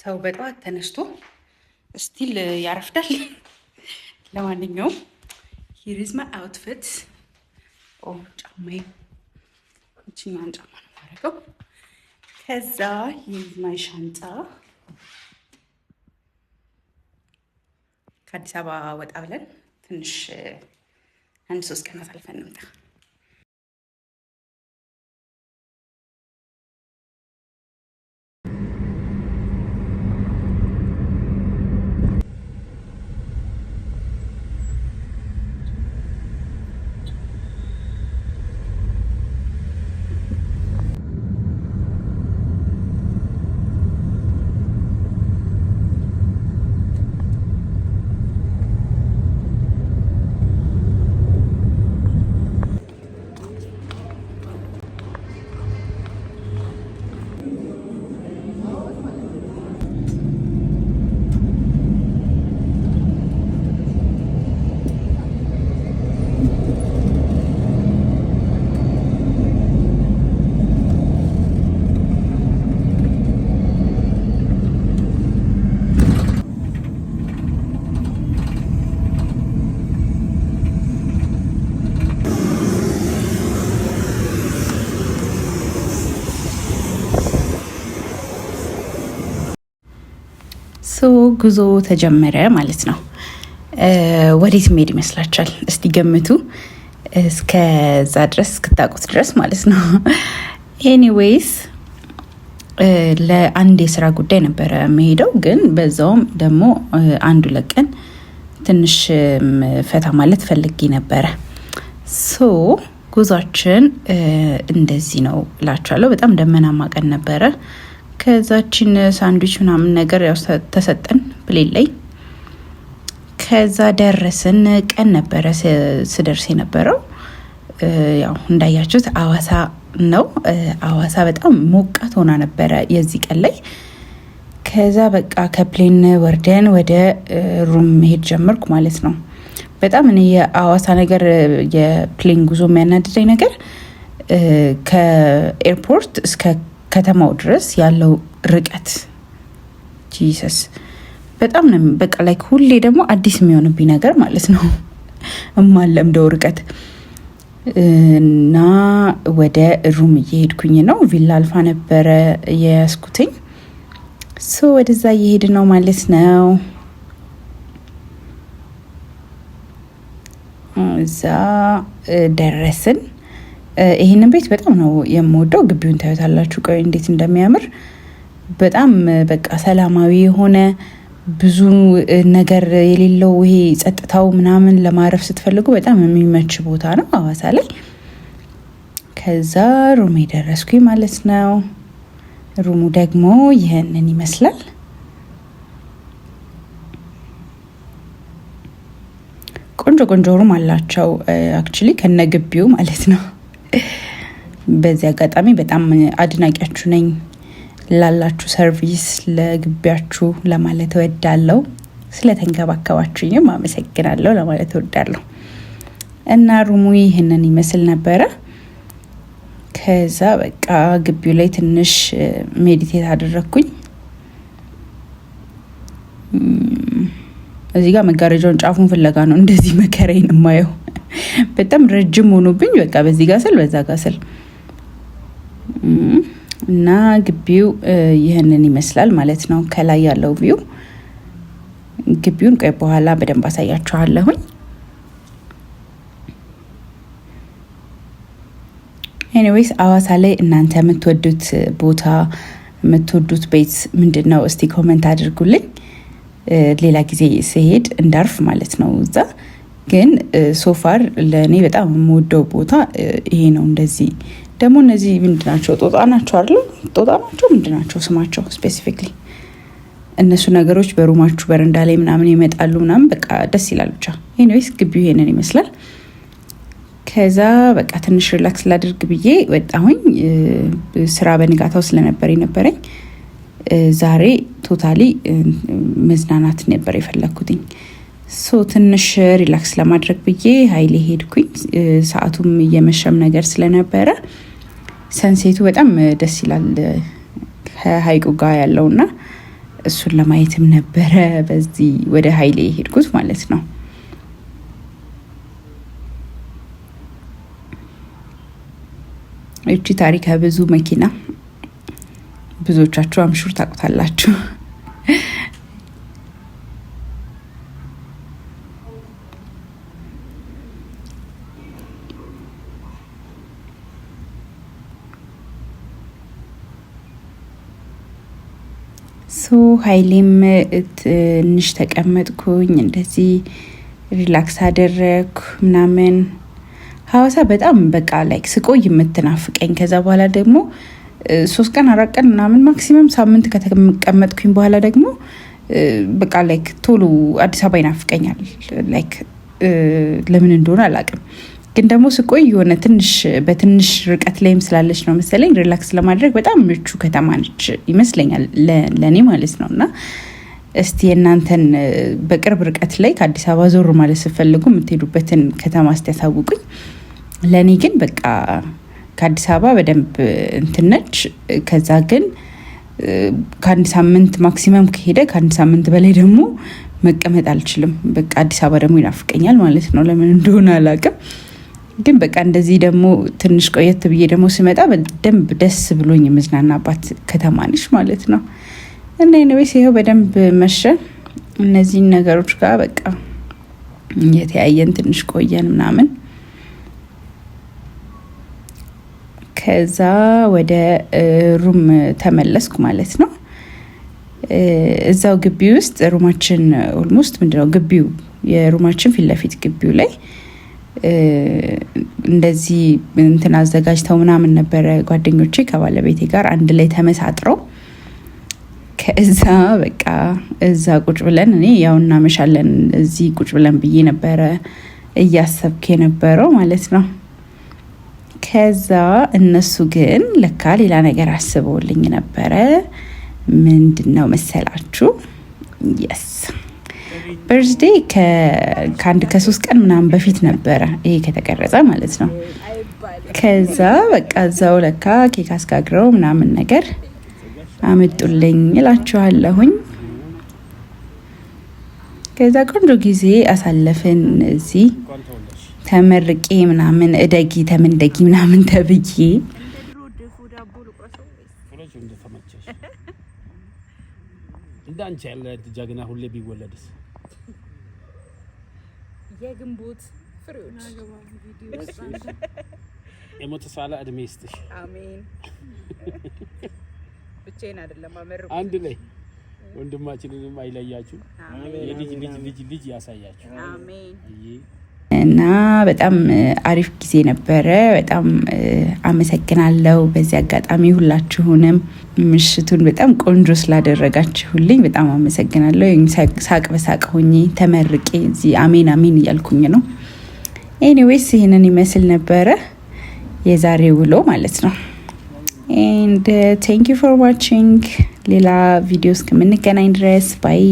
ሰው በጠዋት ተነስቶ ስቲል ያረፍዳል። ለማንኛውም ሂሪዝ ማይ አውትፊት ኦ ጫማዬ፣ እችኛዋን ጫማ ነው የማደርገው። ከዛ ሂሪዝ ማይ ሻንጣ ከአዲስ አበባ ወጣ ብለን ትንሽ አንድ ሶስት ቀን አሳልፈን እንምጣ። ሶ ጉዞ ተጀመረ ማለት ነው። ወዴት መሄድ ይመስላችኋል? እስቲ ገምቱ። እስከዛ ድረስ እስክታውቁት ድረስ ማለት ነው። ኤኒዌይስ ለአንድ የስራ ጉዳይ ነበረ መሄደው፣ ግን በዛውም ደግሞ አንዱ ለቀን ትንሽ ፈታ ማለት ፈልጌ ነበረ። ሶ ጉዟችን እንደዚህ ነው እላችኋለሁ። በጣም ደመናማ ቀን ነበረ። ከዛችን ሳንድዊች ምናምን ነገር ያው ተሰጠን ፕሌን ላይ። ከዛ ደረስን። ቀን ነበረ ስደርስ የነበረው ያው እንዳያችሁት አዋሳ ነው። አዋሳ በጣም ሞቃት ሆና ነበረ የዚህ ቀን ላይ። ከዛ በቃ ከፕሌን ወርደን ወደ ሩም መሄድ ጀመርኩ ማለት ነው። በጣም እኔ የአዋሳ ነገር የፕሌን ጉዞ የሚያናድደኝ ነገር ከኤርፖርት እስከ ከተማው ድረስ ያለው ርቀት ጂሰስ በጣም ነው በቃ ላይክ ሁሌ ደግሞ አዲስ የሚሆንብኝ ነገር ማለት ነው እማለምደው ርቀት እና ወደ ሩም እየሄድኩኝ ነው። ቪላ አልፋ ነበረ የያዝኩትኝ ሶ ወደዛ እየሄድ ነው ማለት ነው። እዛ ደረስን። ይህንን ቤት በጣም ነው የምወደው። ግቢውን ታዩታላችሁ፣ ቆይ እንዴት እንደሚያምር በጣም በቃ ሰላማዊ የሆነ ብዙ ነገር የሌለው ይሄ ጸጥታው ምናምን ለማረፍ ስትፈልጉ በጣም የሚመች ቦታ ነው ሀዋሳ ላይ። ከዛ ሩሜ ደረስኩኝ ማለት ነው። ሩሙ ደግሞ ይህንን ይመስላል። ቆንጆ ቆንጆ ሩም አላቸው አክቹሊ ከነ ግቢው ማለት ነው። በዚህ አጋጣሚ በጣም አድናቂያችሁ ነኝ ላላችሁ ሰርቪስ ለግቢያችሁ ለማለት እወዳለሁ። ስለተንከባከባችሁኝም አመሰግናለሁ ለማለት እወዳለሁ። እና ሩሙ ይህንን ይመስል ነበረ። ከዛ በቃ ግቢው ላይ ትንሽ ሜዲቴት አደረግኩኝ። እዚህ ጋር መጋረጃውን ጫፉን ፍለጋ ነው እንደዚህ መከራዬን የማየው። በጣም ረጅም ሆኖብኝ በቃ በዚህ ጋር ስል በዛ ጋር ስል እና ግቢው ይህንን ይመስላል ማለት ነው። ከላይ ያለው ቪው ግቢውን ቆይ በኋላ በደንብ አሳያችኋለሁኝ። ኤኒዌይስ አዋሳ ላይ እናንተ የምትወዱት ቦታ የምትወዱት ቤት ምንድን ነው? እስቲ ኮመንት አድርጉልኝ። ሌላ ጊዜ ስሄድ እንዳርፍ ማለት ነው እዛ ግን ሶፋር ለእኔ በጣም የምወደው ቦታ ይሄ ነው። እንደዚህ ደግሞ እነዚህ ምንድን ናቸው? ጦጣ ናቸው አይደለ? ጦጣ ናቸው ምንድን ናቸው ስማቸው ስፔሲፊክሊ? እነሱ ነገሮች በሩማችሁ በረንዳ ላይ ምናምን ይመጣሉ ምናምን በቃ ደስ ይላል። ብቻ ኤኒዌይስ ግቢው ይሄንን ይመስላል። ከዛ በቃ ትንሽ ሪላክስ ላድርግ ብዬ ወጣሁኝ። ስራ በንጋታው ስለነበር የነበረኝ ዛሬ ቶታሊ መዝናናት ነበር የፈለግኩትኝ። ሶ ትንሽ ሪላክስ ለማድረግ ብዬ ሀይሌ ሄድኩኝ። ሰዓቱም እየመሸም ነገር ስለነበረ ሰንሴቱ በጣም ደስ ይላል ከሀይቁ ጋር ያለውና እሱን ለማየትም ነበረ በዚህ ወደ ሀይሌ ሄድኩት ማለት ነው። እቺ ታሪከ ብዙ መኪና ብዙዎቻችሁ አምሹር ታውቁታላችሁ። ሶ ሀይሌም ትንሽ ተቀመጥኩኝ፣ እንደዚህ ሪላክስ አደረግኩ ምናምን። ሀዋሳ በጣም በቃ ላይክ ስቆይ የምትናፍቀኝ ከዛ በኋላ ደግሞ ሶስት ቀን አራት ቀን ምናምን ማክሲመም ሳምንት ከተቀመጥኩኝ በኋላ ደግሞ በቃ ላይክ ቶሎ አዲስ አበባ ይናፍቀኛል። ላይክ ለምን እንደሆነ አላውቅም። ግን ደግሞ ስቆይ የሆነ ትንሽ በትንሽ ርቀት ላይም ስላለች ነው መሰለኝ ሪላክስ ለማድረግ በጣም ምቹ ከተማ ነች ይመስለኛል፣ ለእኔ ማለት ነው። እና እስቲ የእናንተን በቅርብ ርቀት ላይ ከአዲስ አበባ ዞር ማለት ስፈልጉ የምትሄዱበትን ከተማ እስቲ ያሳውቁኝ። ለእኔ ግን በቃ ከአዲስ አበባ በደንብ እንትነች ነች። ከዛ ግን ከአንድ ሳምንት ማክሲመም ከሄደ ከአንድ ሳምንት በላይ ደግሞ መቀመጥ አልችልም። በቃ አዲስ አበባ ደግሞ ይናፍቀኛል ማለት ነው። ለምን እንደሆነ አላቅም። ግን በቃ እንደዚህ ደግሞ ትንሽ ቆየት ብዬ ደግሞ ስመጣ በደንብ ደስ ብሎኝ የመዝናናባት ከተማ ነች ማለት ነው። እና ኒቤስ ይኸው በደንብ መሸ። እነዚህን ነገሮች ጋር በቃ የተያየን ትንሽ ቆየን ምናምን ከዛ ወደ ሩም ተመለስኩ ማለት ነው። እዛው ግቢ ውስጥ ሩማችን ኦልሞስት ምንድነው ግቢው የሩማችን ፊት ለፊት ግቢው ላይ እንደዚህ እንትን አዘጋጅተው ምናምን ነበረ ጓደኞቼ ከባለቤቴ ጋር አንድ ላይ ተመሳጥረው ከእዛ በቃ እዛ ቁጭ ብለን እኔ ያው እናመሻለን እዚህ ቁጭ ብለን ብዬ ነበረ እያሰብክ የነበረው ማለት ነው። ከዛ እነሱ ግን ለካ ሌላ ነገር አስበውልኝ ነበረ። ምንድን ነው መሰላችሁ? የስ በርዝዴ ከአንድ ከሶስት ቀን ምናምን በፊት ነበረ ይሄ ከተቀረጸ ማለት ነው። ከዛ በቃ እዛው ለካ ኬክ አስጋግረው ምናምን ነገር አመጡልኝ እላችኋለሁኝ። ከዛ ቆንጆ ጊዜ አሳለፍን። እዚህ ተመርቄ ምናምን እደጊ ተመንደጊ ምናምን ተብዬ እንዳንቺ ያለ ጀግና ሁሌ ቢወለድስ የግንቦት ፍሬዎች የሞተ ሳላ እድሜ ይስጥሽ። አሜን። ብቻዬን አይደለም አመር አንድ ላይ ወንድማችንንም አይለያችሁ። የልጅ ልጅ ልጅ ልጅ ያሳያችሁ። አሜን። እና በጣም አሪፍ ጊዜ ነበረ። በጣም አመሰግናለሁ። በዚህ አጋጣሚ ሁላችሁንም ምሽቱን በጣም ቆንጆ ስላደረጋችሁልኝ በጣም አመሰግናለሁ። ሳቅ በሳቅ ሆኜ ተመርቄ እዚህ አሜን አሜን እያልኩኝ ነው። ኤኒዌይስ ይህንን ይመስል ነበረ የዛሬ ውሎ ማለት ነው። ኤንድ ቴንክ ዩ ፎር ዋችንግ ሌላ ቪዲዮ እስከምንገናኝ ድረስ ባይ